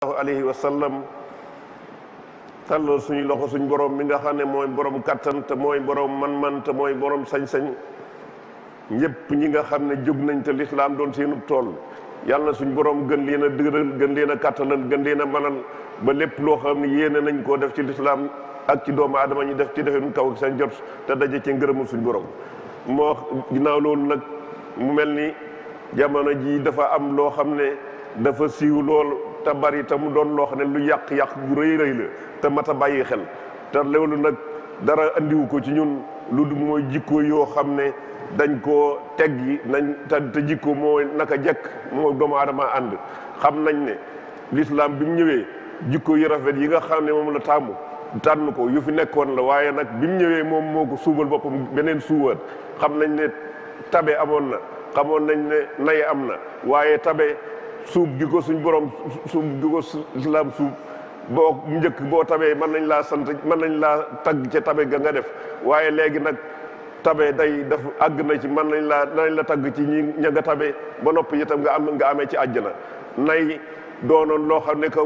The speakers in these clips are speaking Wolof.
sallallahu alayhi wa sallam tàllal suñu loxo suñ borom mi nga xam ne mooy borom kàttan te mooy boroom man-man te mooy boroom sañ-sañ ñëpp ñi nga xam ne jóg nañ te lislaam doon seenu tool yàlla na suñ borom gën leen a dëgëral gën leen a kàttanal gën leen a manal ba lépp loo xam ne yéene nañ koo def ci lislaam ak ci doomu aadama ñu def ci defin kaw ak seen jot te daje ci ngërëmul suñ borom moo ginnaaw loolu nag mu mel ni jamono jii dafa am loo xam ne dafa siiw lool te bari te mu doon loo ne lu yàq-yàq bu rëy rëy la te mat bàyyi xel te loolu nag dara andiwu ko ci ñun lu du mooy jikko yoo xam ne dañ koo teggi nañ te jikko moo naka jekk moo doomu aadama ànd xam nañ ne lislaam bi mu ñëwee jikko yu rafet yi nga xam ne moom la tàmmu tànn ko yu fi nekkoon la waaye nag bi mu ñëwee moom moo ko suubal boppam beneen suuwaat xam nañ ne tabe amoon na xamoon nañ ne nay am na waaye tabe suub gi ko suñ borom suub gi ko islam suub boo njëkk boo tabee mën nañ laa sant mën nañ laa tagg ca tabe ga nga def waaye léegi nag tabe day daf àgg na ci mën nañ laa nañ la tagg ci ñi ña nga tabe ba noppi itam nga am nga amee ci àjjana nay doonoon loo xam ne ka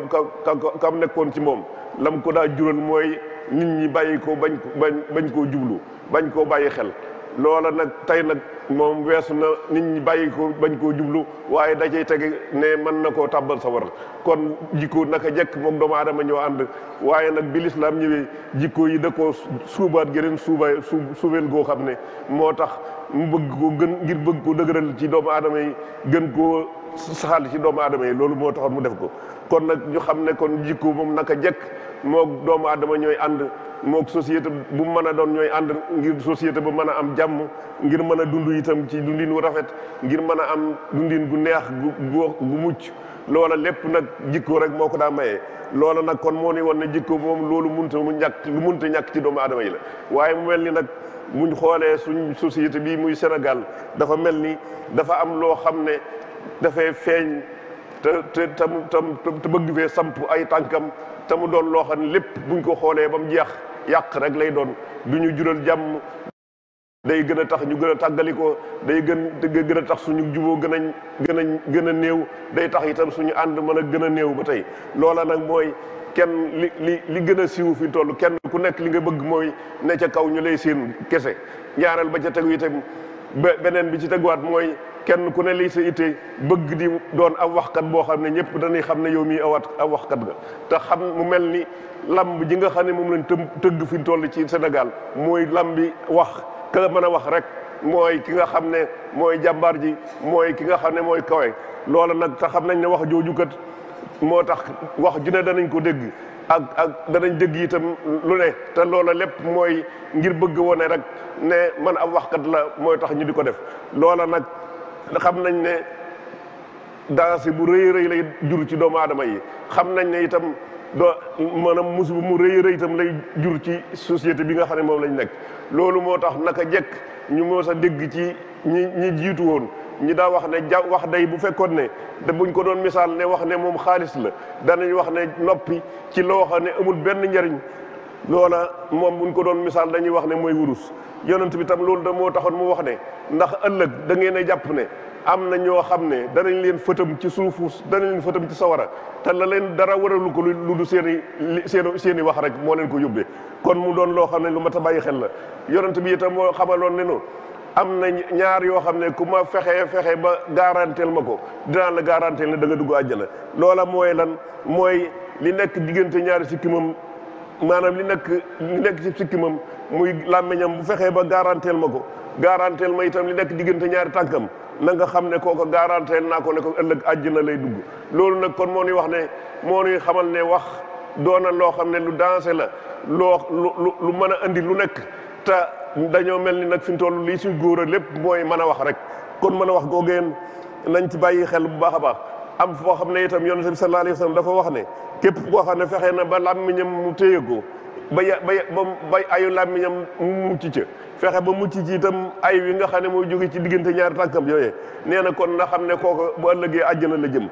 ka kam nekkoon ci moom lam ko daa jural mooy nit ñi bàyyi ko bañ bañ bañ koo jublu bañ koo bàyyi xel loola nag tey nag moom weesu na nit ñi bàyyi ko bañ koo jublu waaye da cay tege ne mën na koo tàbbal sa war kon jikko naka jekk moom doomu aadama ñoo ànd waaye nag bi lislaam ñëwee jikko yi da koo suubaat gëneen suubaay su suubeen goo xam ne moo tax mu bëgg ko gën ngir bëgg ko dëgëral ci doomu aadama yi gën koo saxal ci doomu aadama yi loolu moo taxoon mu def ko kon nag ñu xam ne kon jikko moom naka jekk moo doomu aadama ñooy ànd mook société bu mu mën a doon ñooy ànd ngir société ba mën a am jàmm ngir mën a dund itam ci dundin wu rafet ngir mën a am dundin gu neex gu gu mucc loola lépp nag jikkoo rek moo ko daa maye loola nag kon moo ni woon ne jikko moom loolu munta mu ñàkk lu munta ñàkk ci doomu aadama yi la waaye mu mel ni nag muñ xoolee suñ société bii muy Sénégal dafa mel ni dafa am loo xam ne dafay feeñ te te tam tam te bëgg fee samp ay tànkam te mu doon loo xam ne lépp buñ ko xoolee ba mu jeex yàq rek lay doon du ñu jural jàmm day gën a tax ñu gën a tàggalikoo day gën gën a tax suñu juboo gën a gën a gën a néew day tax itam suñu ànd mën a gën a néew ba tey loola nag mooy kenn li li li gën a siiw fi toll kenn ku nekk li nga bëgg mooy ne ca kaw ñu lay seen kese ñaareel ba ca tegu itam beneen bi ci teguwaat mooy kenn ku ne lii sa ittee bëgg di doon ab waxkat boo xam ne ñëpp dañuy xam ne yow mii awaat ab waxkat nga te xam mu mel ni lamb ji nga xam ne moom lañ të tëgg fi ñu toll ci senegal mooy lamb bi wax ka mën a wax rek mooy ki nga xam ne mooy jàmbaar ji mooy ki nga xam ne mooy kawe loola nag te xam nañ ne wax jooju kat moo tax wax ju ne danañ ko dégg ak ak danañ dégg itam lu ne te loola lépp mooy ngir bëgg wone rek ne man ab waxkat la mooy tax ñu di ko def nag xam nañ ne daasi bu rëy rëy lay jur ci doomu aadama yi xam nañ ne itam doo maanaam musiba mu rëy rëy itam lay jur ci société bi nga xam ne moom lañ nekk loolu moo tax naka jekk ñu moo sa dégg ci ñi ñi jiitu woon ñi daa wax ne ja wax day bu fekkoon ne te buñ ko doon misaal ne wax ne moom xaalis la danañ wax ne noppi ci loo xam ne amul benn njariñ loola moom buñ ko doon misaal dañuy wax ne mooy wurus yonent bi tam loolu da moo taxoon mu wax ne ndax ëllëg da ngeen a jàpp ne am na ñoo xam ne danañ leen fëtam ci suufu danañ leen fëtam ci sawara te la leen dara waralu ko lu du seen i seen seen i wax rek moo leen ko yóbbee kon mu doon loo xam ne lu mat a bàyyi xel la yonent bi itam moo xamaloon ne no am na ñaar yoo xam ne ku ma fexe fexe ba garanteel ma ko dinaa la garanteel ne danga nga dugg àjjana loola mooy lan mooy li nekk diggante ñaari sikkimam maanaam li nekk li nekk ci sikkimam muy làmmiñam bu fexee ba garanteel ma ko garanteel ma itam li nekk diggante ñaari tànkam na nga xam ne kooko garanteel naa ko ne ko ëllëg na lay dugg loolu nag kon moo nuy wax ne moo ñuy xamal ne wax doona loo xam ne lu dansé la loo lu lu mën a indi lu nekk te dañoo mel ni nag fi mu toll lii suñ góor a lépp mooy mën a wax rek kon mën a wax googeen nañ ci bàyyi xel bu baax a baax am foo xam ne itam yonent bi sallallahu alayhi wa sallam wax ne képp koo xam ne fexe na ba làmmiñam mu téye ko ba ya ba ba ayu làmmiñam mu mucc ca fexe ba mucc ci itam ay wi nga xam ne mooy jóge ci diggante ñaari tànkam yooyee nee na kon na xam ne kooku bu ëllëgee àjjana la jëm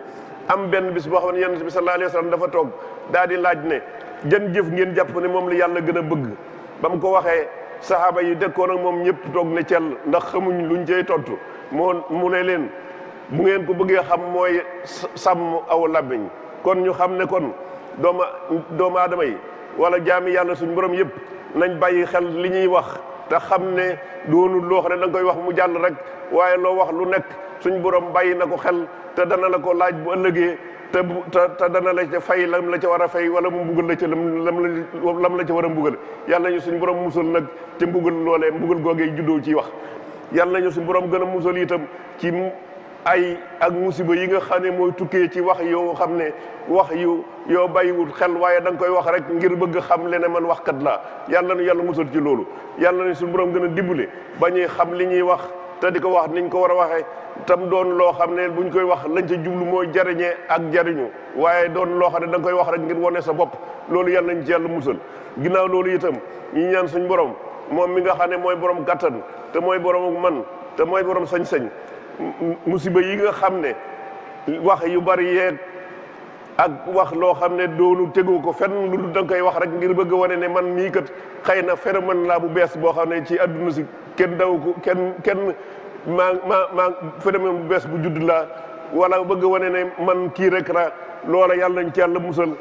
am benn bis boo xam ne yonent bi sallallahu alayhi wa sallam dafa toog daal di laaj ne jën jëf ngeen jàpp ne moom la yàlla gën a bëgg ba mu ko waxee saxaaba yi dekkoon ak moom ñëpp toog ne cell ndax xamuñ luñ cay tontu moo mu ne leen bu ngeen ko bëggee xam mooy sàmm aw labbiñ kon ñu xam ne kon dooma doomu aadama yi wala jaami yàlla suñ borom yëpp nañ bàyyi xel li ñuy wax te xam ne doonul loo xam ne da koy wax mu jàll rek waaye loo wax lu nekk suñ borom bàyyi na ko xel te dana la ko laaj bu ëllëgee te te dana la ca fey lam la ca war a fay wala mu mbugal la ca lam lam la ca war a mbugal yàlla ñu suñ borom musal nag ci mbugal loolee mbugal googee juddoo ciy wax yàlla nañu suñ borom gën a musal ay ak musiba yi nga xam ne mooy tukkee ci wax yoo xam ne wax yu yoo bàyyiwul xel waaye da nga koy wax rek ngir bëgg xam le ne man kat laa yàlla nu yàlla musal ci loolu yàlla na suñu borom gën a dimbali ba ñuy xam li ñuy wax te di ko wax niñ ko war a waxee tam doon loo xam ne buñ koy wax lañ ca jublu mooy jariñee ak jariñu waaye doon loo xam ne da nga koy wax rek ngir wane sa bopp loolu yàlla nañ ci yàlla musal loolu itam ñi ñaan suñ borom moom mi nga xam ne mooy borom kattan te mooy borom man te mooy borom sañ-sañ musiba yi nga xam ne wax yu bari yeeg ak wax loo xam ne doonu tegu ko fenn lu danga koy wax rek ngir bëgg wane ne man mii kat xëy na phénomène laa bu bees boo xam ne ci àdduna si kenn daw ko kenn kenn maa maa maa phénomène bu bees bu judd laa wala bëgg wane ne man kii rek la loola yàlla nañ ci yàlla musal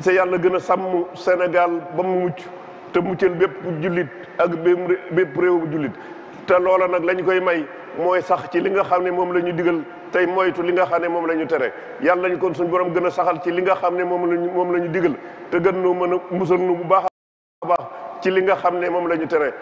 sa yàlla gën a sàmm senegal ba mu mucc te muccal bépp jullit ak bépp réew bu jullit te loola nag lañ koy may mooy sax ci li nga xam ne moom la ñu digal tey moytu li nga xam ne moom la ñu tere yàlla ñu kon suñu borom gën a saxal ci li nga xam ne moom lañu moom la ñu digal gën nu mën a musal bu baax a ci li nga xam ne moom la ñu tere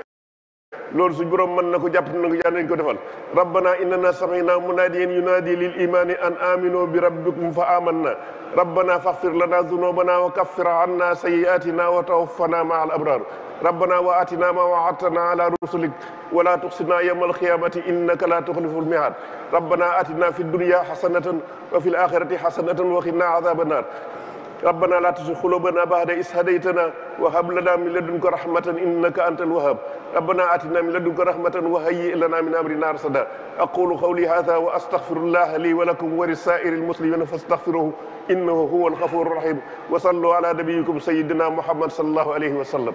loolu suñu borom mën na ko jàpp na ko yàlla nañ ko defal rabbana innana sami'na munadiyan yunadi lil imani an aminu bi rabbikum fa amanna rabbana faghfir lana dhunubana wa kaffir anna sayyi'atina wa tawaffana ma'al abrar rabbana wa atina ma waadtana ala rusulik wala tuxsina yawma alqiyamati innaka la tuxlifu lmihaad rabbana atina fi dunya xasanatan wa fi laxirati xasanatan wa qina adaba annar rabbana la tuzigh qulubana ba'da idh hadaytana wa hab lana min ladunka rahmatan innaka antal wahhab rabbana atina min ladunka rahmatan wa hayyi' lana min amrina rashada aqulu qawli hadha wa astaghfirullaha li wa lakum wa lisaa'iril muslimina fastaghfiruhu innahu huwal ghafurur rahim wa sallu ala nabiyyikum sayyidina muhammad sallallahu alayhi wa sallam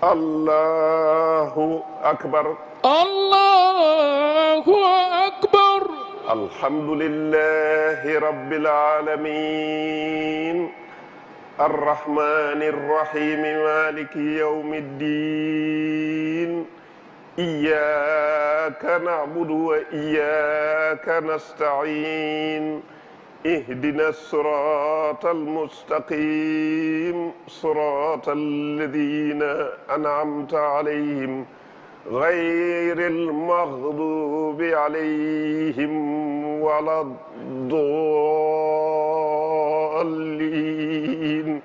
allahu akbar allahu akbar alhamdulillahi rabbil alamin الرحمن الرحيم مالك يوم الدين إياك نعبد وإياك نستعين اهدنا الصراط المستقيم صراط الذين أنعمت عليهم غير المغضوب عليهم ولا الضالين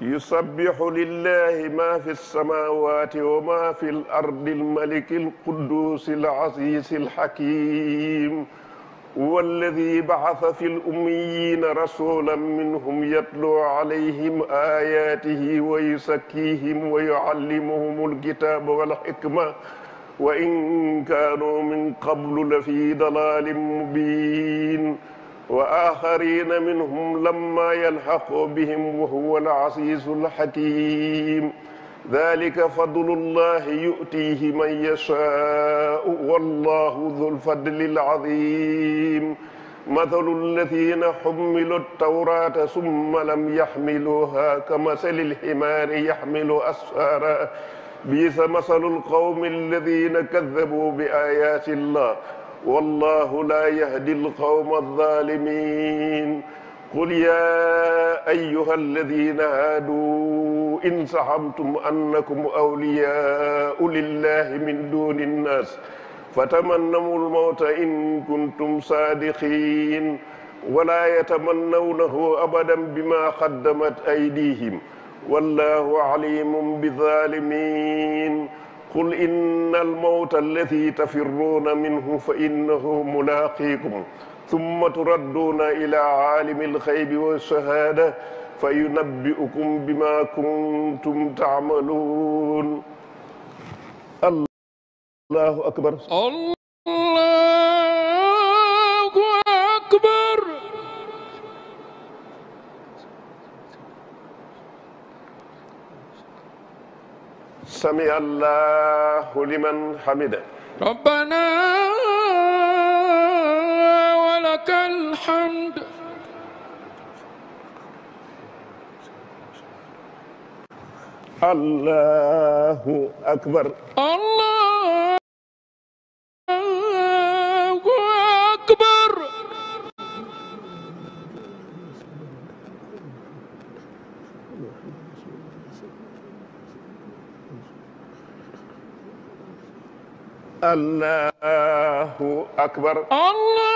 يسبح لله ما في السماوات وما في الأرض الملك القدوس العزيز الحكيم هو الذي بعث في الأميين رسولا منهم يتلو عليهم آياته ويزكيهم ويعلمهم الكتاب والحكمة وإن كانوا من قبل لفي ضلال مبين وآخرين منهم لما يلحقوا بهم وهو العزيز الحكيم dalika fadlullahi yutihi man yashaau wallahu dul fadlil azim mathalu alladina xummilu tawrata summa lam yaxmiluha kamasali lximaari yaxmilu asfara biisa masalu lqawmi alladina kadabuu bi ayaati llah wallahu la yahdi alqawma alzalimin قل يا أيها الذين هادوا إن زعمتم أنكم أولياء لله من دون الناس فتمنوا الموت إن كنتم صادقين ولا يتمنونه أبدا بما قدمت أيديهم والله عليم بالظالمين قل إن الموت الذي تفرون منه فإنه ملاقيكم summa turadduuna ilaa aalimi alxaybi wa shahaada fa yunabbi'ukum bimaa kuntum ta'maluun allahu akbar allahu akbar sami allahu liman hamida rabbana الحمد الله أكبر الله أكبر الله أكبر الله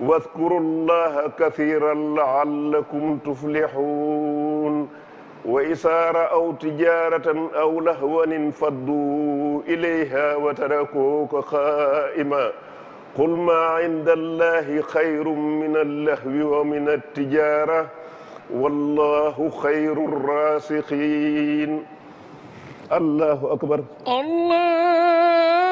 واذكروا الله كثيرا لعلكم تفلحون وإذا رأوا تجارة أو لهوا انفضوا إليها وتركوك خائما قل ما عند الله خير من اللهو ومن التجارة والله خير الراسخين الله أكبر الله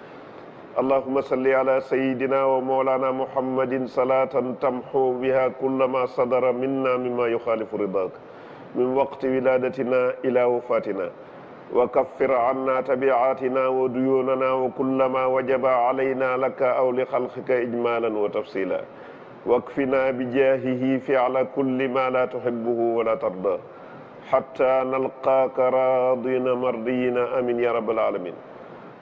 allahuma salli ala sayidina wa mawlana muhammadin salatan tamxu biha kulla ma sadara minna mima yuxaalifu ridak min waqti wiladatina ila wafatina wa kaffir anna tabiatina wa duyunana wa kulla ma wajaba alayna laka aw li xalqika ijmalan wa tafsila wakfina bijahihi fiala kulli ma la tuhibuhu wala tarda xatta nalqaaka raadina mardiyina amin ya rabbal alamin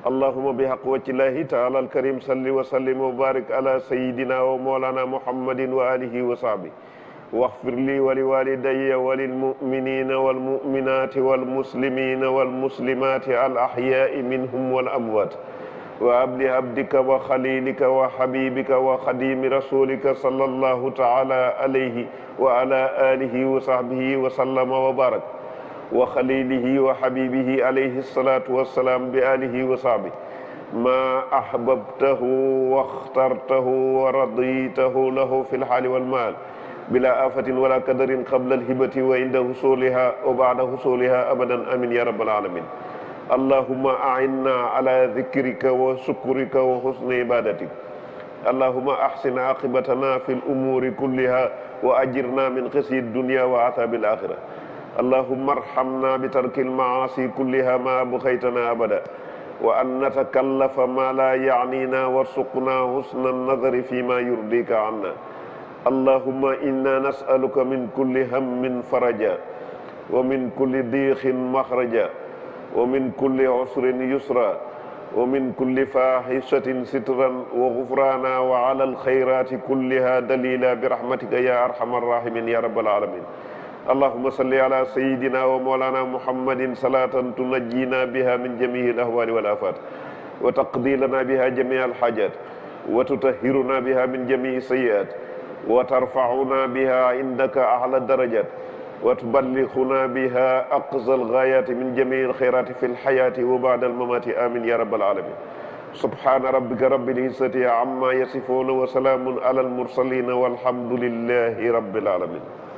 allahuma bi haq waccillahi taala alkarim salli wa sallim wa barik ala sayidina wa moolana muhammadin wa alihi wa sahbi waxfir li wa li walidayya wa lilmuminina walmuminati walmuslimina walmuslimati alahyai minhum walamwat wa abli abdika wa xalilika wa xabibika wa xadimi rasulika sallallahu taala alayhi wa ala alihi wa sahbihi wa sallama wa barak wa xalilihi wa xabibihi alayhi salaatu wassalaam bi alihi wa sahbi ma ahbabtahu wa axtartahu wa raditahu lahu fi lxaali walmaal bila afatin wala kadarin qabla alhibati wa inda husuliha wa bada husuliha abadan amin ya rabbal alamin allahuma ainna ala dikrika wa sukrika wa husni ibadatik allahuma ahsin aqibatana fi l umuri kulliha wa ajirna min xisi dunia wa azabi l axira allahumma arhamna bi tarki almaasi kulliha ma abqaytana abada wa an natakallafa ma la yaanina warsuqna husna annadari fi ma yurdika anna allahumma inna nasaluka min kulli hammin faraja wa min kulli diixin maxraja wa min kulli usrin yusra wa min kulli faaxisatin sitran wa gufraana wa ala alxayraati kulliha dalila bi rahmatika ya arhamar rahimin ya rabbal alamin allahuma salli ala sayidina wa moolana muhammadin salatan tunajjina biha min jamihi alahwaali wal afat wa taqdi lana biha jamia alhajat wa tutahiruna biha min jamii sayiat wa tarfauna biha indaka ahla darajat wa tuballighuna biha aqsa alghayati min jamii alkhayrati fi lxayati wa bada almamati amin ya rabbal alamin subhana rabbika rabbil izzati amma yasifuna wa salaamun ala almursalina walhamdulillahi rabbil alamin